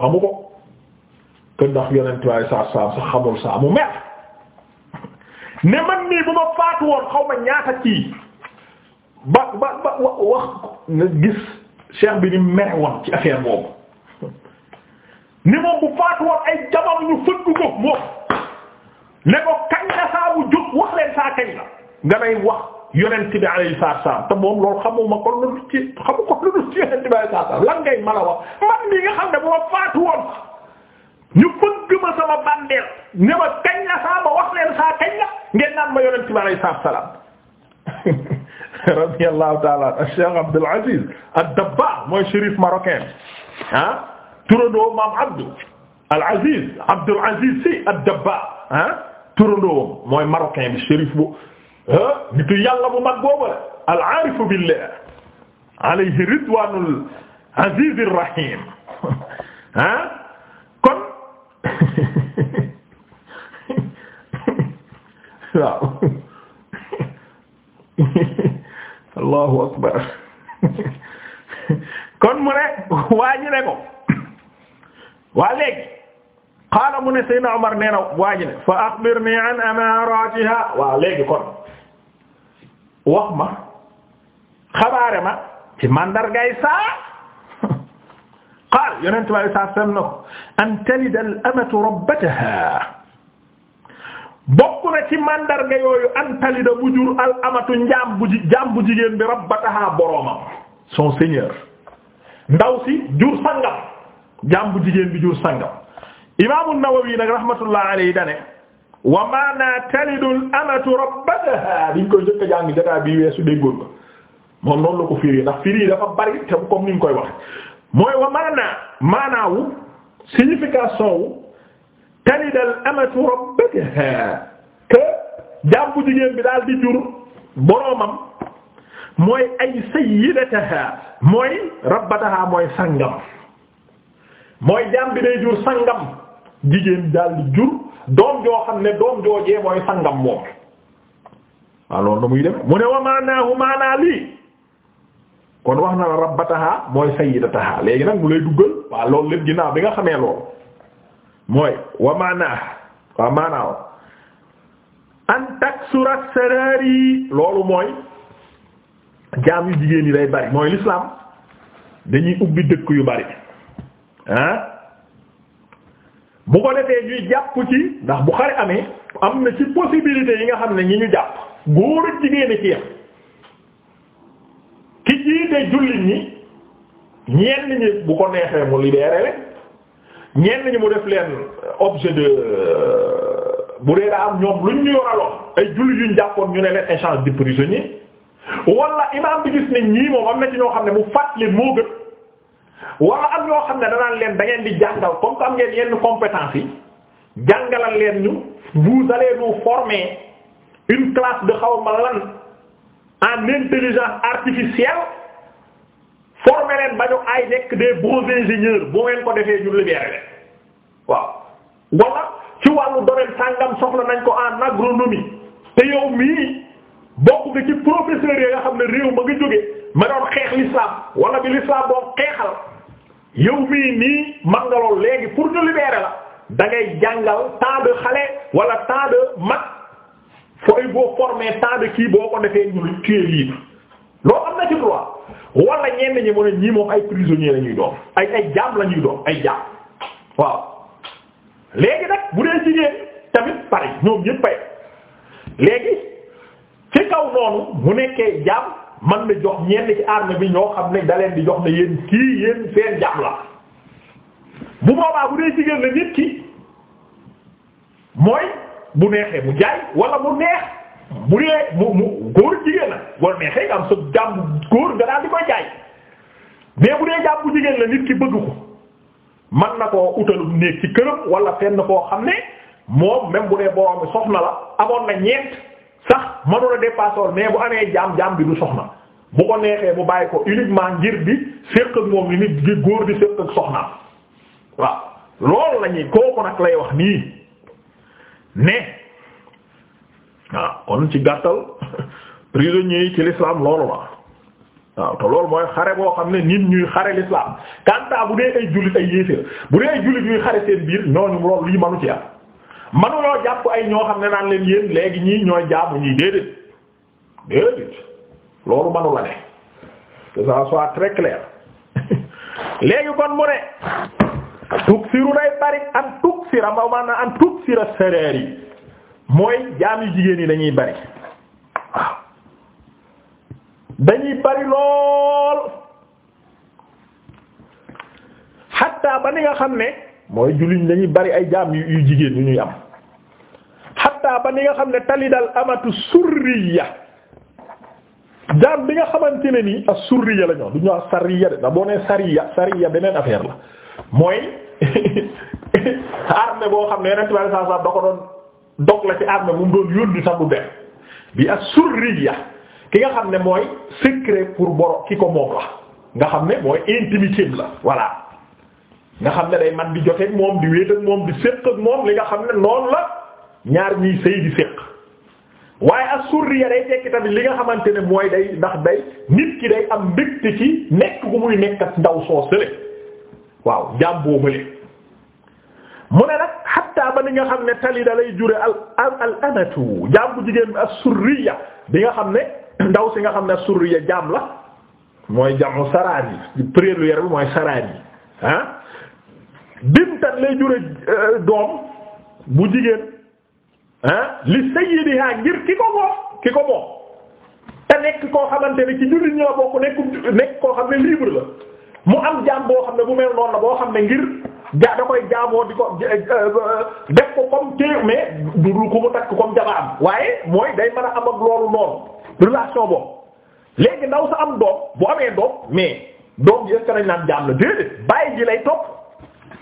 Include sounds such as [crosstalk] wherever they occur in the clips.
amu ko kën ndax yonent waaye saam sa xamul saa mu mer ne man nii bu ma faatu woon xaw ñaata kii ba ba wax nga gis cheikh bi ni mer woon ci affaire boobu ni moom bu faatu woon ay jamono ñu fëgg ko moom ne ko kañ la saa bu wax leen saa kañ la nga nay wax yonent bi alayhi salaam te moom loolu xamuma kon lu ci xamu ko lu dul ci yonent bi lan ngay mën a wax man mii nga xam ne bu ma faatu saa ma wax leen saa kañ la ngeen salaam [laughs] radiyallahu ta'ala anhu Cheikh Abdul Aziz ah, Al Aziz Abdul Aziz Sy ad-Dabbagh ah turandoo mooy marocain bi shérif nitu yàlla bu mag boobu al aarifu billah alayhi ridwanul azizir rahim ah kon [laughs] waaw allahu akbar kon mu ne waa ji ne ko waa léegi qaala mu ne Seydina Omar nee na waa ji ne fa axbirni an amaratiha waa léegi kon wax ma xabaare ma ci mandargaay saa [laughs] qaal yonent bi alayhi salaatu salaam na ko an na ci mandarga yooyu an talida bu jur al amatu njaam jigéen bi rabbataha boroomam son seigneur ndaw si jur sangam jaam bu jigéen bi jur sangam imaamu Nawawi nag rahmatullah alayhi dane wa maana talidul amatu rabbataha biñ koy njëkk a jàng jotaay weesu déggoon ko moom noonu la firi ndax firi dafa bari te comme niñ koy wax mooy wa maana maanaawu signification wu talidal amatu rabbataha que jaam bu jigéen bi daal di jur boroomam mooy ay sayyidataha mooy rabbataha mooy sangam mooy jaam bi jur sangam jigéen daal di jur. doom joo xam ne doom joojee mooy sangam moom waaw loolu na dem mu ne wa maanaahu lii kon wax na la rabbataha mooy sayyidataha léegi nag mu lay duggal waaw loolu lépp ginnaaw bi nga xamee loolu mooy wa maanaa wa maanaaw an taksura sarari loolu mooy jaam yu jigéen yi day bari mooy lislaam dañuy ubbi dëkk yu bari ah bu ko defee ñuy jàpp ci ndax bu xare amee am na ci possibilité yi nga xam ne ñi ñu jàpp góor ak jigéen ci yam ki jiite jullit ñi ñenn ñi bu ko neexee mu libéré rek ñi mu def leen objet de euh, bu dee daa am ñoom luñ ñu yoraloon ay jullit yuñ jàppoon ñu ne leen échange de prisonnier wala imaam bi gis ne ñii moom am na ci ñoo xam ne mu fàttali moo gën. wala am ñoo xam ne danaa leen da ngeen di jàngal comme que am ngeen yenn compétence yi jàngalal leen ñu vous allez nous former une classe de xaw ma lan en intelligence artificielle former leen ba ñu ay nekk des bons ingénieurs boo ngeen ko defee ñu libéré leen waaw. wala ci wàllu domaine sàngam soxla nañ ko en agronomie te yow mii bokk nga ci professeurs yi nga xam ne réew ma nga jóge ma doon xeex l'islam wala bi l'islam doon xeexal. yow mii nii man nga lool léegi pour ñu libérer la da ngay jàngal temps xale wala temps de mag fooy boo formé temps kii boo ko defee ñu kii libre loo am na ci droit wala ñenn ñi mu ne ñii moom ay prisonniers la ñuy doon ay ay jaam lañuy doom ay jaam waaw léegi nag bu dee jigéen tamit pare ñoom ñëpp pare léegi ci kaw noonu mu nekkee jaam. man na jox ñenn ci armée bi ñoo xam ne daleen di jox ne yéen kii yéen seen jàmm la bu boobaa bu dee jigéen la nit ki mooy bu neexee mu jaay wala mu neex bu dee mu mu góor jigéen la wala neexee nga am sa jàmm góor nga daal di koy jaay mais bu dee jàmm bu jigéen la nit ki bëgg ko man na koo utalum néeg ci këram wala fenn koo xam ne moom même bu dee boroom soxna la amoon na ñeent. sax mënula dépasser mais bu amee jaam jaam bi du soxna bu ko neexee bu bàyyi ko uniquement ngir di séq ak moom ni nit di góor di séq ak soxnaam waaw loolu lañuy kooku nag lay wax nii ne waaw kon ci gàttal [laughs] prisonniers yi ci l'islam loolu la waaw te loolu mooy xare boo xam ne nit ñuy xare l'islam kanta bu dee ay jullit ay yéeféer bu dee ay jullit ñuy xare seen biir ñooñu loolu lii manu ci am manuloo jàpp ay ñoo xam ne naan leen yéen léegi ñii ñooy jaamu ñii déedéet déedéet loolu manu la ne que ça soit très clair [laughs] léegi kon mu ne tuksiru day bari an tuksira ma maanaam an tuksira saraar yi mooy jaam yu jigéen yi dañuy bari waaw dañuy bari lool hatta ba ni nga xam ne mooy julliñ dañuy bari ay jaam yu jigéen yu ñuy am xatta ba ni nga xam ne dal amatu surriya jaam bi nga xamante ne nii as surriya la ñoo du ñu wax sariya de da boo nee sariya sariya beneen affaire la mooy [laughs] armée boo xam ne yeneen tubaab saa saa da ko la ci armée mu doon yónni sax du def bi ak surriya ki nga xam ne mooy secret pour boro ki ko moom la nga xam ne mooy intimité la voilà. nga xam ne day man di joteeg moom di wéet moom di séq ak moom li nga xam ne noonu la ñaar ñiy sëy di séq waaye as day tekki tamit li nga xamante ne mooy day ndax day nit ki day am mbégte ci nekk gu muy nekk ak ndaw soo sële waaw jaam boobale mu ne nag xatta ba ni nga xam ne tali da lay jure al al amatu jaam bu jigéen bi bi nga xam ne ndaw si nga xam ne as-surriya jaam la mooy jamu saraar yi pluriel bi mooy saraar yi ah. bintan lay jure euh, doom bu jigéen ah li sayyidiha ngir ki ko moom ki ko moom te nekk koo xamante ne ci jullit ñoo bokk nekk nekk koo xam ne libre la mu am jaam boo xam ne bu mel noonu la boo xam ne ngir ja da koy jaamoo di ko euh, def ko comme te mais du dul ko mu takk comme jabaam waaye mooy day mën a am ak loolu noonu relation boobu léegi ndaw sa am doom bu amee doom mais doom ji est-ce que naan jaam la déedéet bàyyi ji lay topp.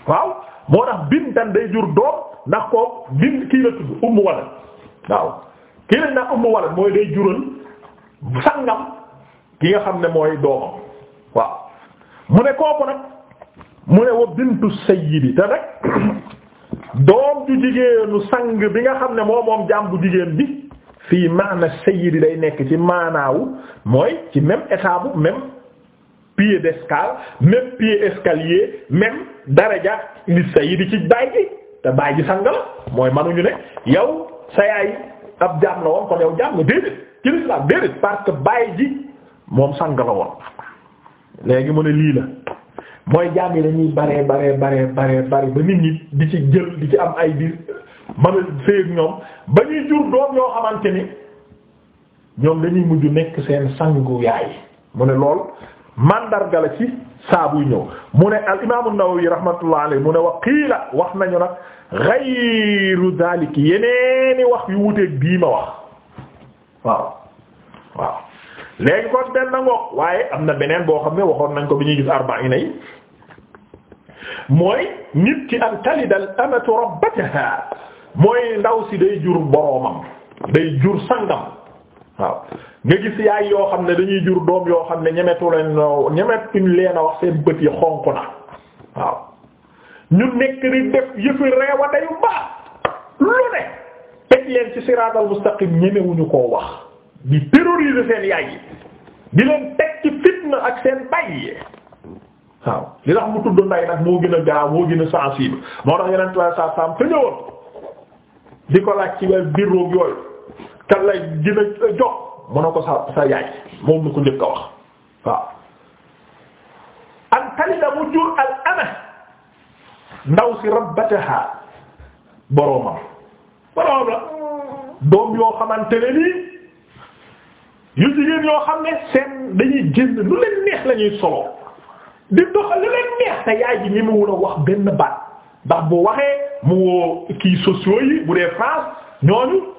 waaw moo tax bintan day jur doom ndax ko bin kii la tudd ummu walad waaw kii lañ naan ummu walad mooy day jural sangam ki nga xam ne mooy doomam waaw mu ne kooku nag mu ne wa bintu sayyidi te rek [clears throat] doom ju jigéenu sang bi nga xam ne moo moom jaam bu jigéen bi fii maana sayyidi day nekk ci maanaawu mooy ci même état bu même d'escale même pied escalier même daraja li di ci baay ji te baay ji sang la mooy manuñu ne yow sa yaay ab jaam la woon kon yow jaam nga déedéet ci lislaam déedéet parce baay ji moom sang la woon léegi mu ne lii la mooy jaam yi dañuy bare bare bare bare ba nit ñi di ci jël di ci am ay di mën a séy ñoom ba ñuy jur doom yoo xamante ni ñoom dañuy mujj nekk seen sangu yaay mu ne lool mandarga la ci saabu buy ñëw mu ne al imaam an-Nawawi rahmatullah mu ne wa wax nañu nag ghayru dalik yeneeni wax yu wuteeg bii ma wax waaw waaw léegi kon benn ngoog waaye am na beneen boo xam ne waxoon nañ ko bi ñuy gis arba'ina yi mooy nit ki an talida al amatu rabbataha mooy ndaw si day jur boroomam day jur sangam waaw nga gis yaay yoo xam ne dañuy jur doom yoo xam ne ñemetu leen ñemetuñ leen a wax seen bët yi xonq na waaw ñu nekk di def yëfi reewa dayu baax lu ne teg leen ci siraatal mustaqim ñemewuñu koo wax di terroriser seen yaay yi di leen teg ci fitna ak seen bay yi waaw li tax mu tudd nday nag moo gën a gaaw moo gën a sensible moo tax yeneen trois cent cent te ñëwoon di ko laaj ci wàllu biir yooyu kan lay gën a jox. mu ne ko sa sa yaay moom lu ko njëkk wax waaw an talida mu jur al ana ndaw si rabbataha boroomam boroomam doom yoo xamante ne nii yu jigéen yoo xam ne seen dañuy génn lu leen neex la solo di doxal lu leen neex te yaay ji ñemewul a wax benn baat ndax bu waxee mu woo kii sociaux yi bu dee France ñooñu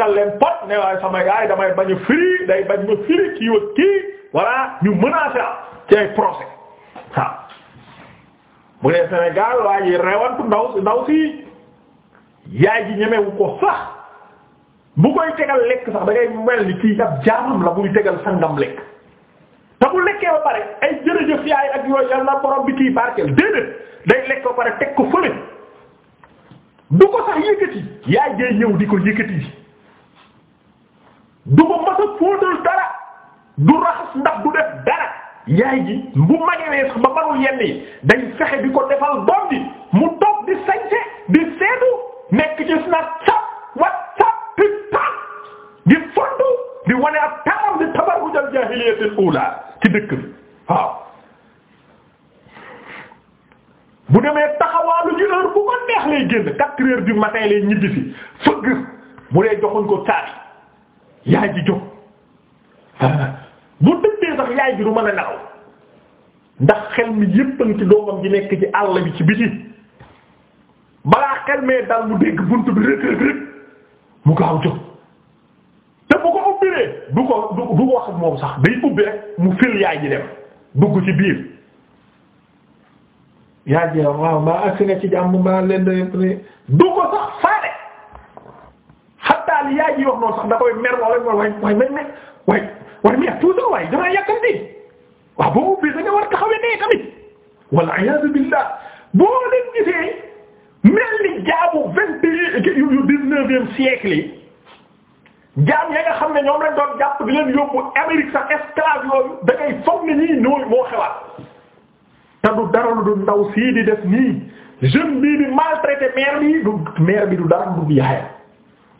gàttal leen pot ne waaye sama yaay damay bañ a day bañ ma firi kii wa kii voilà ñu menacé am ci ay procès waaw bu dee Sénégal waa ji rewantu ndaw si ndaw si yaay ji ñemewu ko sax bu koy tegal lekk sax da ngay mel ni kii ab jaamam la buy tegal sangam lekk te bu lekkee ba pare ay jërëjëf yaay ak yooyu yal na borom bi kii barkeel déedéet day lekk ba pare teg ko fële du ko sax yëkkati yaay jee ñëw di ko yëkkati du ko masa fóotal dara du raxas ndax du def dara yaay ji bu magewee sax ba manul yenn yi day fexe di ko defal doom bi mu toog di sañse di seetu nekk ci Snapchat WhatsApp TikTok di fondu di wane ak taaram di tabarruj al jaahiliyatil uulaa ci dëkk bi waaw bu demee taxawaalu ji heure bu ko neex lay génn quatre heures du lay ñibbisi fëgg bu dee joxuñ ko caabi yaay ji jóg ah, bu tëddee sax yaay ji du mën a nelaw ndax xel mi yëppan ci doomam ji nekk ci àll bi ci biti balaa xel mee dal mu dégg bunt bi rek rek mu gaaw jóg te bu ko ubbiree du ko du du wax moom sax day ubbi rek mu fil yaay ji dem dugg ci biir yaay ji waaw maa agsi nga ci jàmm maa leen da du ko sax xataa li yaay ji wax noonu sax da koy mer wala mooy mooy man man waaye waaye mais toujours waaye damaa yàkkamti waaw boo ubbee da nga war a taxawee nee tamit wala a'uuzu billah boo leen gisee mel ni jaabu vingt et un yu dix-neuvième siècle yi xam ne ñoom lañ doon jàpp di leen yóbbu Amérique sax esclave yooyu da ngay foog ne ñii ñooy moo du dara du ndaw sii di def nii jeune bii di maltraité mère bi du mère du dara du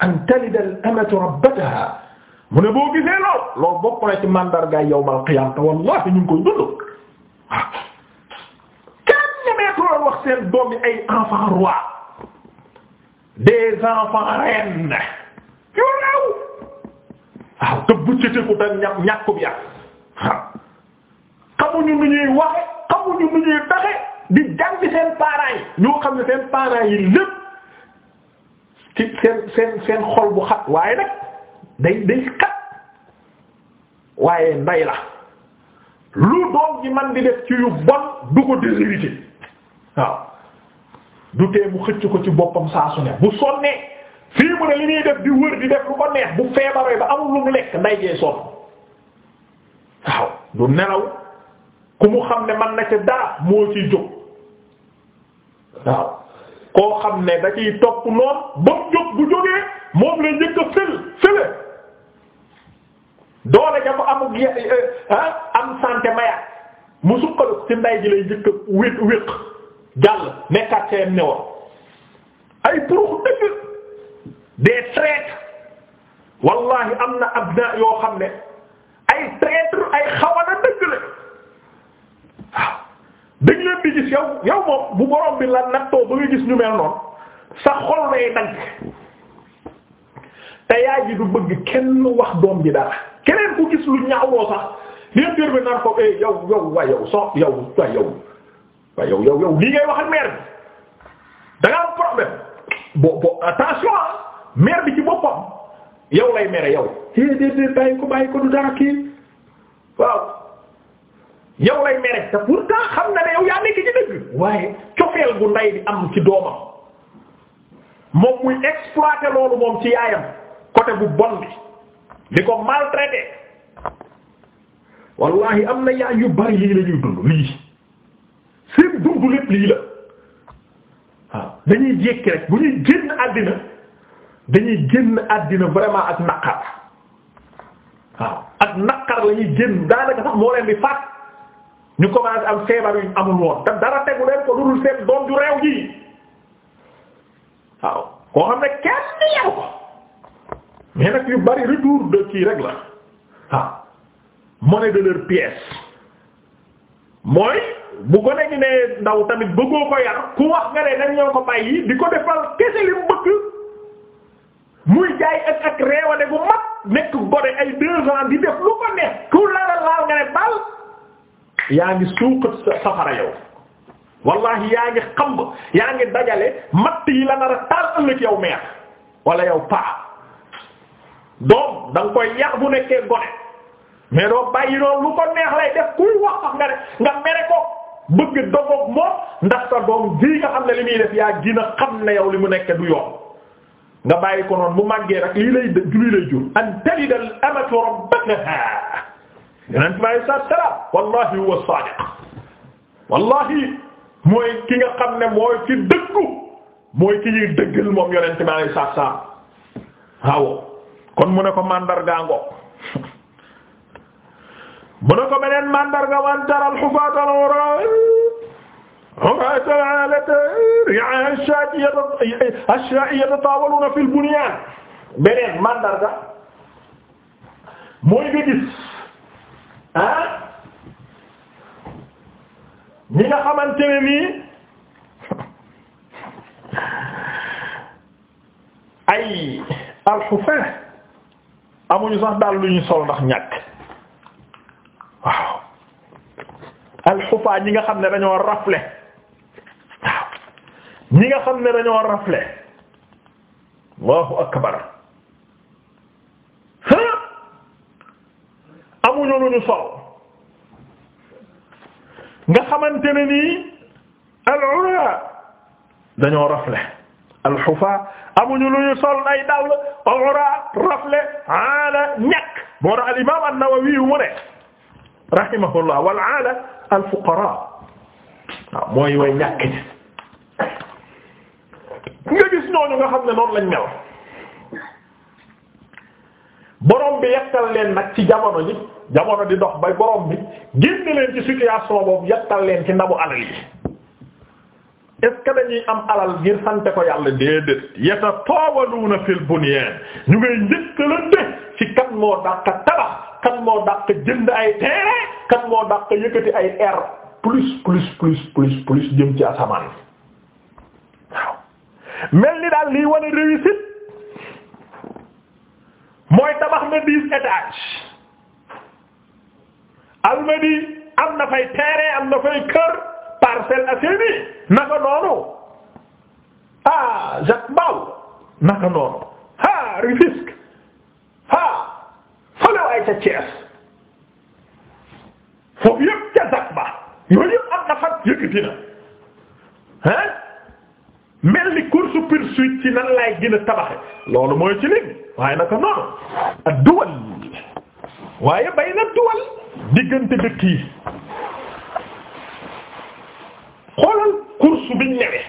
an talida al amatu rabbataha mu ne boo gisee lool loolu bokk na ci mandargaay yawmal qiyaama te wallahi ñu ngi koy dund waaw kenn ñemeetuloon wax seen doom ay enfants rois des enfants reines yu raw waaw te buccatiku te ñàkk ñàkku bi ak waaw xamuñu nu ñuy waxe xamuñu nu ñuy daxe di jàng seen parents yi ñoo xam ne seen parents yi lépp ci seen seen seen xol bu xat waaye nag day day xat waaye nday la lu doom gi man di def ci yu bon du ko désilité waaw du tee mu xëcc ko ci boppam saa su ne bu sonnee fii mu ne li ñuy def di wër di def lu ko neex bu feebaree ba amul lu mu lekk nday jee sonn waaw du nelaw ku mu xam ne man na ca dara moo ciy jóg waaw koo xam ne da ciy topp noon ba mu jóg bu jógee moom la njëkk a fël fële doole ja ko amug eh, ah, am santé mayaat mu suqalu ci nday ji lay njëkk a wéq wéq jàll nekkaat seen ne woon ay pour dëgg des traîtres wallahi am na abna yoo xam ne ay traîtres ay xawana dëgg la dañ leen di gis yow yow moom bu borom bi la nattoo ba nga gis ñu mel noonu sa xol day dagg te yaay ji du bëgg kenn wax doom ji dara keneen ku gis lu ñaawloo sax leen biir bi naan ko eh yow yow waa yow so lii ngay wax ak bi da nga am problème bo bo attention ah, mère bi ci boppam yow lay mere yow. eh déedéet bàyyi ko bàyyi ko du dara kii yow lay mere te pourtant xam na ne yow yaa nekk ci dëgg waaye cofeel gu nday bi am ci doomam moom muy exploiter loolu moom ci yaayam côté bu bon bi di ko maltraiter wallahi am na yaay yu bari lii la dund lii seen dund lépp lii la waaw dañuy jékki rek bu ñuy génn àddina dañuy génn àddina vraiment ak naqar waaw ak naqar la ñuy génn daanaka sax moo leen di faat ñu commencé am feebar yu amul woon te dara tegu leen ko dudul seen doom ju réew ji waaw koo xam ne kenn yow ko mais nag yu bari retour de kii rek la waaw monnaie de leur mooy bu ko nekk ne ndaw tamit bëggoo ko yar ku wax nga ne dañ ñoo ko bàyyi di ko defal kese li mu bëgg muy jaay ak ak réew a gu mag nekk gone ay deux ans di def lu ko neex ku laal laal nga ne bal. yaa ngi suuqat safara yow wallahi yaa ngi xamb yaa ngi dajale matt yi la nar a taal ëllëg yow meer wala yow paa doom da nga koy yar bu nekkee gone mais doo bàyyi doom lu ko neex lay def kuy wax wax nga de nga mere ko bëgg dogoog moom ndax sa doom bii nga xam ne li muy def yaa gina xam ne yow li mu nekkee du yoon nga bàyyi ko noon mu màggee rek lii lay julli lay jur an talida al amatu rabbataha yonent bi alayhi salaatu salaam wallahi huwa saadiq wallahi mooy ki nga xam ne mooy ci dëggu mooy ki ñuy dëggal moom yonent kon mu ne ko mandarga ngo [laughs] mu ne ko beneen mandarga wan taral xufaata al uraa uraa al alata ri'aa ash-shaa'i yatatawaluna fil bunyaan ah ñi nga xamante ne ay alxufin amuñu sax daal lu ñu sol ndax ñàkk waaw alxufa nga xam ne dañoo rafle waaw ñi nga xam ne dañoo rafle allahu akbar amuñu lu ñu sol nga xamante ne nii al-ura dañoo rafle al-hufa amuñu lu ñu sol ay daw la al-ura rafle aala ñàkk moo tax al-imam an-Nawawi mu ne rahimahullah wal aala al-fuqara mooy way ñàkk ñi nga ñooñu nga xam ne noonu lañ mel borom bi yàttal leen nag ci jamono ji jamono di dox bay borom bi génne leen ci situation boobu yàttal leen ci ndabu alal yi est ce que dañuy am alal ngir sante ko yàlla déedéet yata toobaluuna fil bunyan ñu ngay njëkkalante ci kan moo dàq tabax kan moo dàq jënd ay terrain kan moo dàq yëkkati ay air plus plus plus plus jëm ci asamaan mel ni daal liy wane réussite mooy tabax na dix étages Almadies am na fay terrain am na fay kër Parcelles Assainies naka noonu ah Jacques Mbao noonu ah Rufisque ah fële waay ca Thiès foofu yëpp ca Jacques yooyu yëpp am na fa yëkkati na ah mel ni course poursuite ci nan laay tabaxe loolu mooy ci waaye naka noonu ak duwal waaye bay na duwal diggante dëkk yi xoolal course biñ newee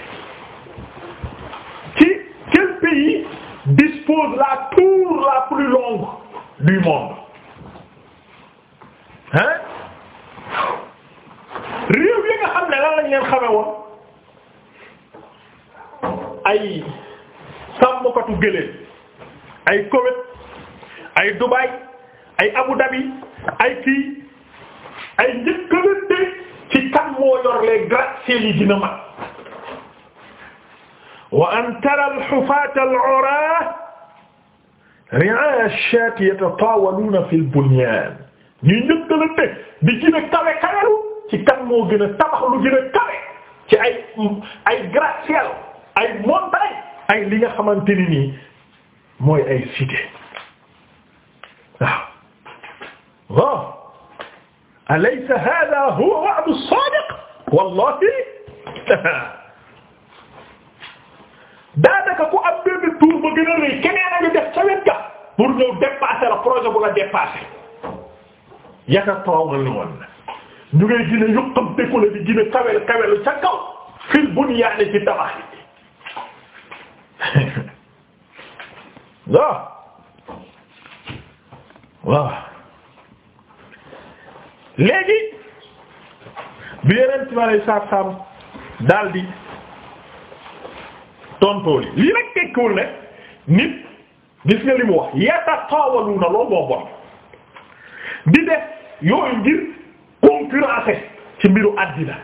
ci quel pays dispose la tour la plus longue du monde hein réew yi nga xam ne lan lañ leen xame woon ay sàmmkatu gëléem ay Koweït ay Dubaï ay Abu Dhabi ay kii ay njëkkalante ci kan moo yor les gratte-ciel yi dina mag wa an tara al al shaat yatataawaluuna fi al-bunyaan ñuy njëkkalante di gën ci kan moo gën a ci ay ay gratte-ciel ay li nga xamante ni mooy ay cité waaw waaw alaysa hada huwa wa'du sadiq wallahi daanaka ku am benn ba gën a rëy keneen a ngi def sa wet ga pour ñëw dépasser la projet bu la dépasser yaka toogal ni woon na ñu ngay gën a yuqam dëkku la di gën a kawel kawelu ca kaw fil bunyaani ci tabax waaw waaw léegi bi yeneen ma lay saab saab daldi tontóoli lii nag tekkiwul ne nit gis nga li mu wax yatatawaluna loolu boo bon di def yooyu ngir concurrencer ci mbiru àddina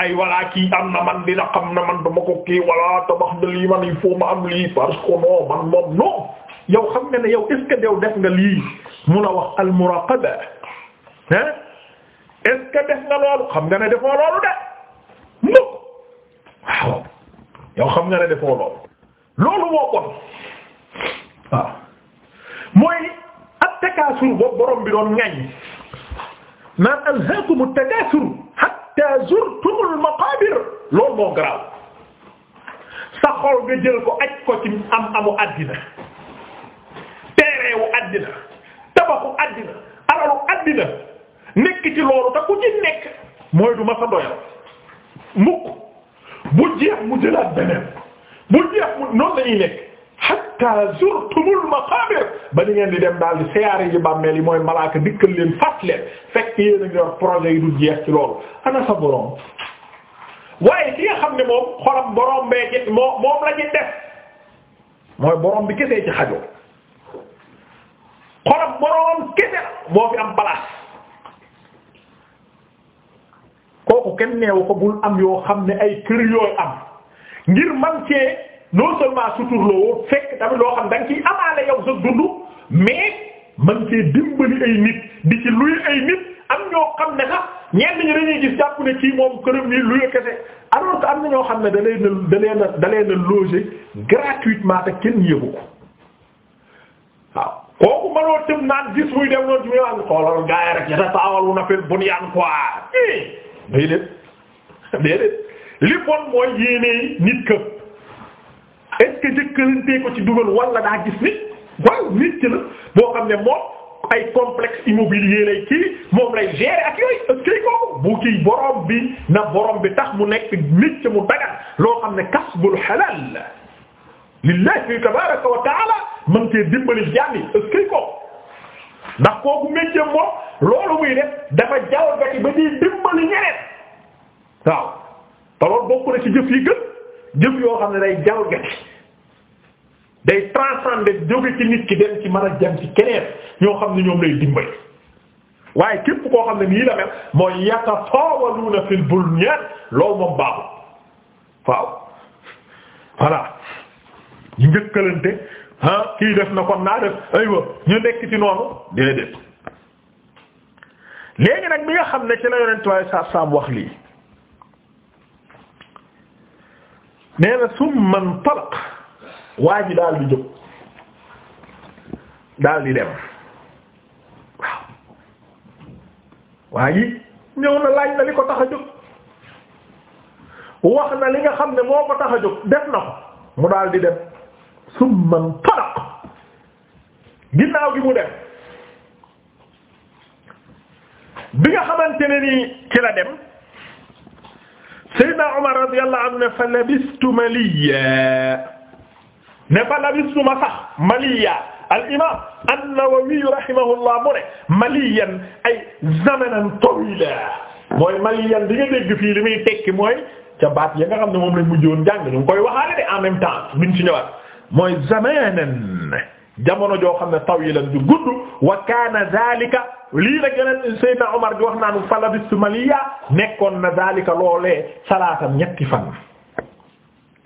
ay walla kii am na man dina xam na man dama ko kii walla tabax de lii man il faut ma am lii parce que non moom non yow xam nga yow est ce def nga lii mun a wax al muraqaba hein est ce que def nga loolu xam mu ne defoo loolu de mukk kon waaw mooy at takaasur boobu borom bi doon ŋañ naan alhaakumu takaasur hatta zurtumul maqabir loolu moo garaaw sa nga jël ko ak ko ci am amu àddina teereewu àddina tabaxu àddina alalu àddina nekk ci loolu te ku ci nekk mooy du ma sa doyal mukk bu jeex mu jëlaat beneen bu jeex mu noonu lañuy nekk hatta zurtumul maqabir ba ni ngeen di dem daal di siyaare ji bàmmeel yi mooy malaaka dikkal leen fas leen fekk yéen a ngi yor projet yi du jeex ci loolu ana borom waaye ki nga xam ne moom xolam borom bee ci moom la ci def mooy borom bi kese ci xajo xolam borom kese moo fi am place kooku kenn neewu ko bul am yoo xam ne ay kër yooyu am ngir man cee. non seulement suturloo fekk tamit loo xam da nga ciy amaale yow sa dund mais man cee dimbali ay nit di ci luy ay nit am ñoo xam ne sax ñenn ñi dañuy gis jàpp ne kii moom këram nii luy kese alors que am na ñoo xam ne da leen a da leen a da leen a te kenn yëgu ko waaw kooku mënoo tëm naan gis muy dem noonu ci muy wax xoolal gaa yi rek yatatawaluna fil bunyan quoi eh. déedéet [laughs] déedéet li bon mooy yéene nit këpp. est ce que jëkkalantee ko ci dugal wala daa gis nit waaw nit ki boo xam ne moom ay complexe immobilier lay kii moom lay gérer ak yooyu ak kii kooku bi na borom bi tax mu nekk nit mu dagal loo xam ne kasbul halal lillahi tabaraka wa taala mën cee dimbali jàmm yi ak kii kooku ndax kooku métier moom loolu muy def dafa jaww ba di dimbali ñeneen waaw te loolu bokk na ci jëf yi gën jëf yoo xam ne day jaww gati day transcender jóge ci nit ki dem ci mën a jëm ci keneen ñoo xam ne ñoom lay dimbali waaye képp koo xam ne nii la mel mooy yatafaawaluuna fil bunyaan loolu moom njëkkalante ah kii def na kon naa def aywa ñu nekk ci noonu déedéet léegi nag bi nga xam ne ci la yonent waaye saab saab wax lii nee na summa intalaq waa ji daal di jóg daal di dem waaw waa ji ñëw na laaj na li ko tax a jóg wax na li nga xam ne moo ko tax a jóg def na ko mu daal di dem summan talaq ginnaaw gi mu dem bi nga xamante ne ni ci la dem Seydina Umar radiyallahu anhu fa labistu maliya ne fa labistu ma sax maliya al imam an-Nawawi rahimahullah mu ne maliyan ay zamanan tawila mooy maliyan di nga dégg fii li muy tekki mooy ca baat ya nga xam ne moom lañ mujjoon jàng ñu ngi koy waxaale de en même temps buñ ci ñëwaat mooy zamanan jamono joo xam ne tawilan ju gudd wa kaana zalika lii nag yeneen Seydina Omar di wax naan fa labistu maliya nekkoon na zalika loolee salaatan ñetti fan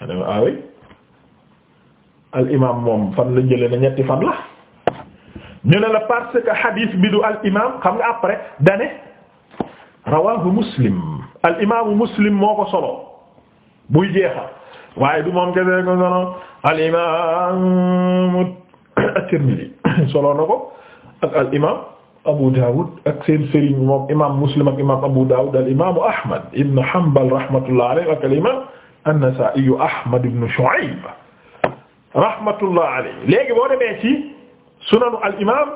ah al imaam moom fan la jëlee na ñetti fan la ñu ne la parce que hadith bi xam nga après dane rawaahu muslim al muslim moo ko solo buy jeexal waaye du moom kese ko solo na ko ak al Abu Dawud ak seen ibn Hanbal rahmatullah alayhi an-Nasa'i Ahmad ibn Shu'ayb rahmatullah alayhi léegi boo demee ci sunanu al imaam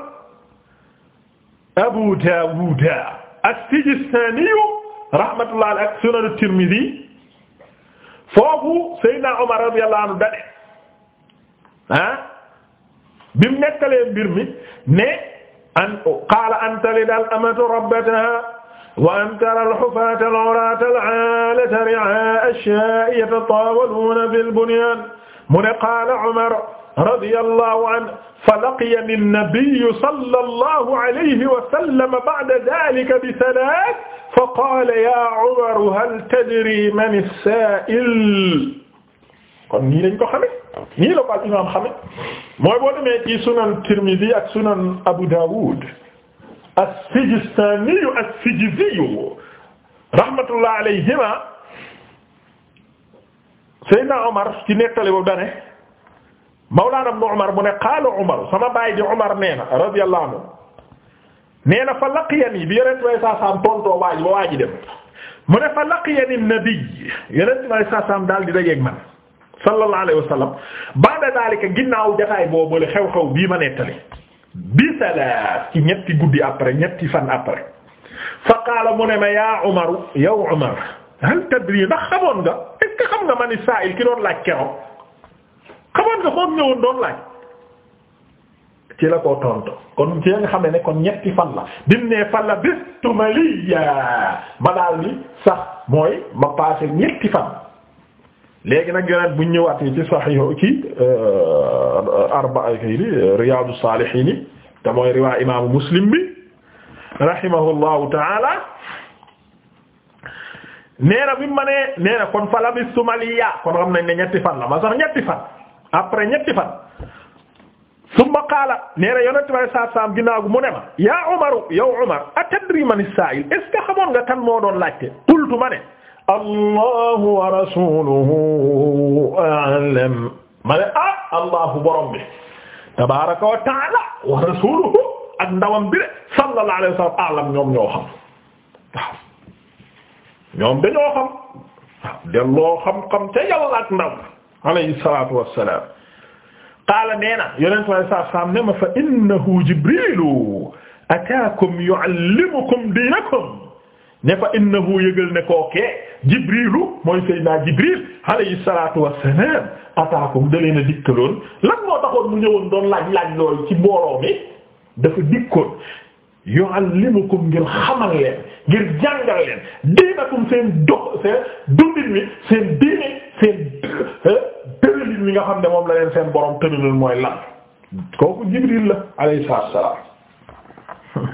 Abu Dawud as-Sijistani rahmatullah alayhi ak sunanu Tirmidhi foofu Seydina Omar radiyallahu anhu dane ah bi mu nekkalee mbir mi ne an qaala an talida al amatu rabbataha wa an tara al hufata al urata al alata ri'a ash-sha'i yatatawaluna fil bunyan mu ne qaala Umar radiyallahu anhu falaqiyani nabiyyu sallallahu alayhi wa sallam ba'da dhalika bi thalath faqaala ya Umar hal tadri man as-sa'il kon nii lañ ko xame nii la ko al imaam xame mooy boo demee ci sunan Tirmidhi ak sunan Abu Dawud as-Sijistani as-Sijzi rahmatullah alayhima Seydina Omar ci nettali boobu dane Mawlaana Ibnu Umar mu ne qaala Umar sama baay di Umar nee na radiyallahu anhu nee na fa laqiyani bi Yonent bi saa saam tontoo waa ji ba waa ji dem mu ne fa laqiyani nabi Yonent bi saa saam daal di dajeeg man sallallahu alayhi wa sallam ba'da daalika ginnaaw jotaay boobu xew-xew bii ma nettali bi salaas ci ñetti guddi après ñetti fan après fa qaala mu ne ma yaa Umar yow Umar. hal tadri ndax xamoon nga est-ce que xam nga ma ni il ki doon laaj keroog xamoon nga foofu doon laaj ci la ko tontu kon ci nga xam ne kon ñetti fan la dim ma daal li sax mooy ma passé ñetti fan léegi nag yonent bu ñëwaat yi ci saxiixu ci euh, arba kii Riyaadu Saalihiin te mooy riwaa imaamu Muslim bi rahimahullahu taala nee na bi mu kon fa labistu maliya kon xam nañ ne ñetti fan la ma sax ñetti fan après ñetti fan summa qaala nee na yonent bi saa mu ne ma yaa Umaru yow Umar atadri man as-sa'il est ce que xamoon nga moo doon laajte qultu ma ne allahu wa rasuluhu a'lam ma ne ah allahu borom bi tabaaraka wa ta'ala wa rasuluhu ak ndawam bi de sallallahu wa sallam a'lam ñoom ñoo xam ñoom dañoo xam delloo xam-xam ca yàlla ak ndaw alayhi salaatu wassalaam qaala nee na yonentu alayhi salaatu wassalaam ne ma fa innahu jibrilu ataakum yuallimukum diinakum ne fa yëgal ne kookee jibrilu mooy sayyidina jibril alayhi salaatu wassalaam ataakum da dikkaloon lan moo taxoon mu ñëwoon doon laaj laaj lool ci mbooloo dafa dikkoon yu'allimukum ngir xamal leen ngir jàngal leen diinakum seen dox seen dundin mi seen diine seen tëralin mi nga xam ne moom la leen seen borom tëralin mooy lan kooku Jibril la alayhi salaam [laughs]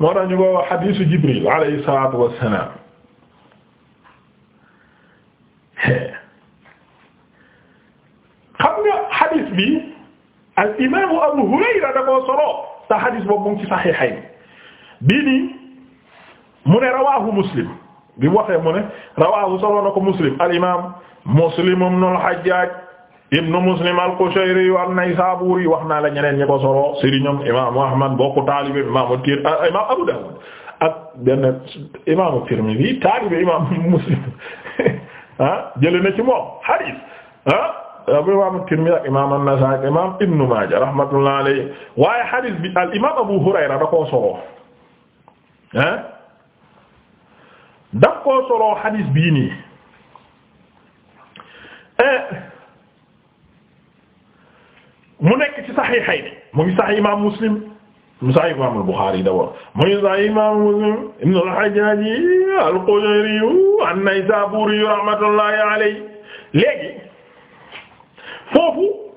moo tax ñu ko wax hadiisu Jibril alayhi salaatu wassalaam xam nga hadiis bi al imaamu Abu Hurayra da ko solo ta xadis boobu mu ngi ci saxiixayn bii nii mu ne rawaahu muslim bi waxee mu ne rawaahu solo na ko muslim al imaam muslim ibn al hajjaj ibn muslim al qushayri yu an-naysaburi wax naa la ñeneen ñi ko solo sëriñam imaamu ahmad bokku taalibe imaamu tir ah, imam abu dawud ak benn imaamu tirmidhi taalibe imam muslim [laughs] ah jëlee na ci moom xadis ah, imam Tirmidhi ak imam An-Nasa'i ak imam Ibn Maaja rahmatullahi alayhi waaye hadith bi al imam Abu Hurayra da koo soloo ah da koo soloo hadith bii nii eh, mu nekk ci Sahihayni mu ngi Sahih imam Muslim mu Sahih imam al-Bukhari d'abord mu ngi Sahih imam Muslim ibn al-Hajjaji al-Qushayri an-Naysaburi rahmatullahi alayhi léegi foofu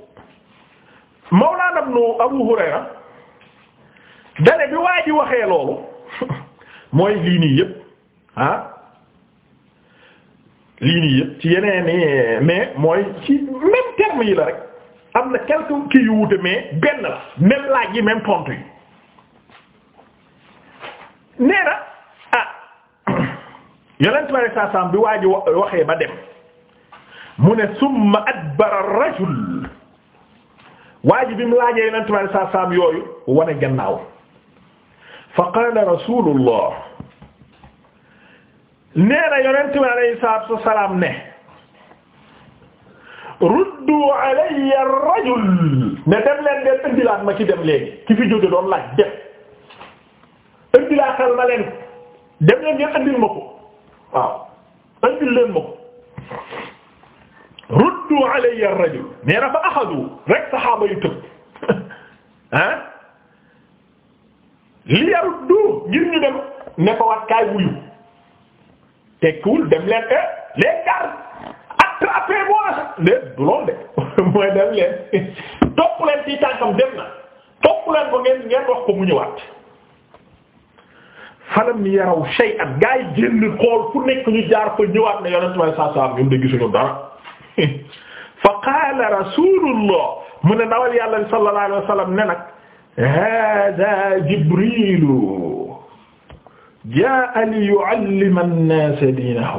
Mawlana Ibnu Abu Hurayra dane bi waa ji waxee loolu [laughs] mooy lii nii yëpp ah lii nii yëpp ci yeneen i mais mooy ci même terme yi la rek am na quelques kii yu wute mais benn la même laaj yi même tontu yi nee ah yeneen tubaab yi saa bi waa ji waxee ba dem. mu ne summa adbara rajul waa ji bi mu laajee yonent bi alayhi salaatu salaam yooyu wane gannaaw fa qaala rasulullah nee na yonent bi alayhi salaatu salaam ne ruddu alayya rajul ne dem leen dem indilaat ma ci dem léegi ki fi jóge doon laaj dem indilaatal ma leen dem leen ngeen indil ma ko waaw indil leen ma ko raddu alayya ar-rajul na fa axadu rek saxaaba yu tëb [laughs] ah li yaruddu ngir ñu dem ne ko wat kaay wuyu tekkiwul dem leen eh les gars attrapez-moi de du lool de mooy dem leen [laughs] topp leen ci tànkam dem na topp leen ko ngeen ngeen wax ko mu ñëwaat. falam yaraw shay'an gaa yi génn xool fu nekk ñu jaar fa ñëwaat ne yonent bi sallallahu alayhi wasallam ñun de gisuñu dara. fa qaala rasulullah mu ne ndawal yàlla bi sallallahu alayhi wa sallam ne nag hada jibrilu jaa li yu'allima an-nas diinahu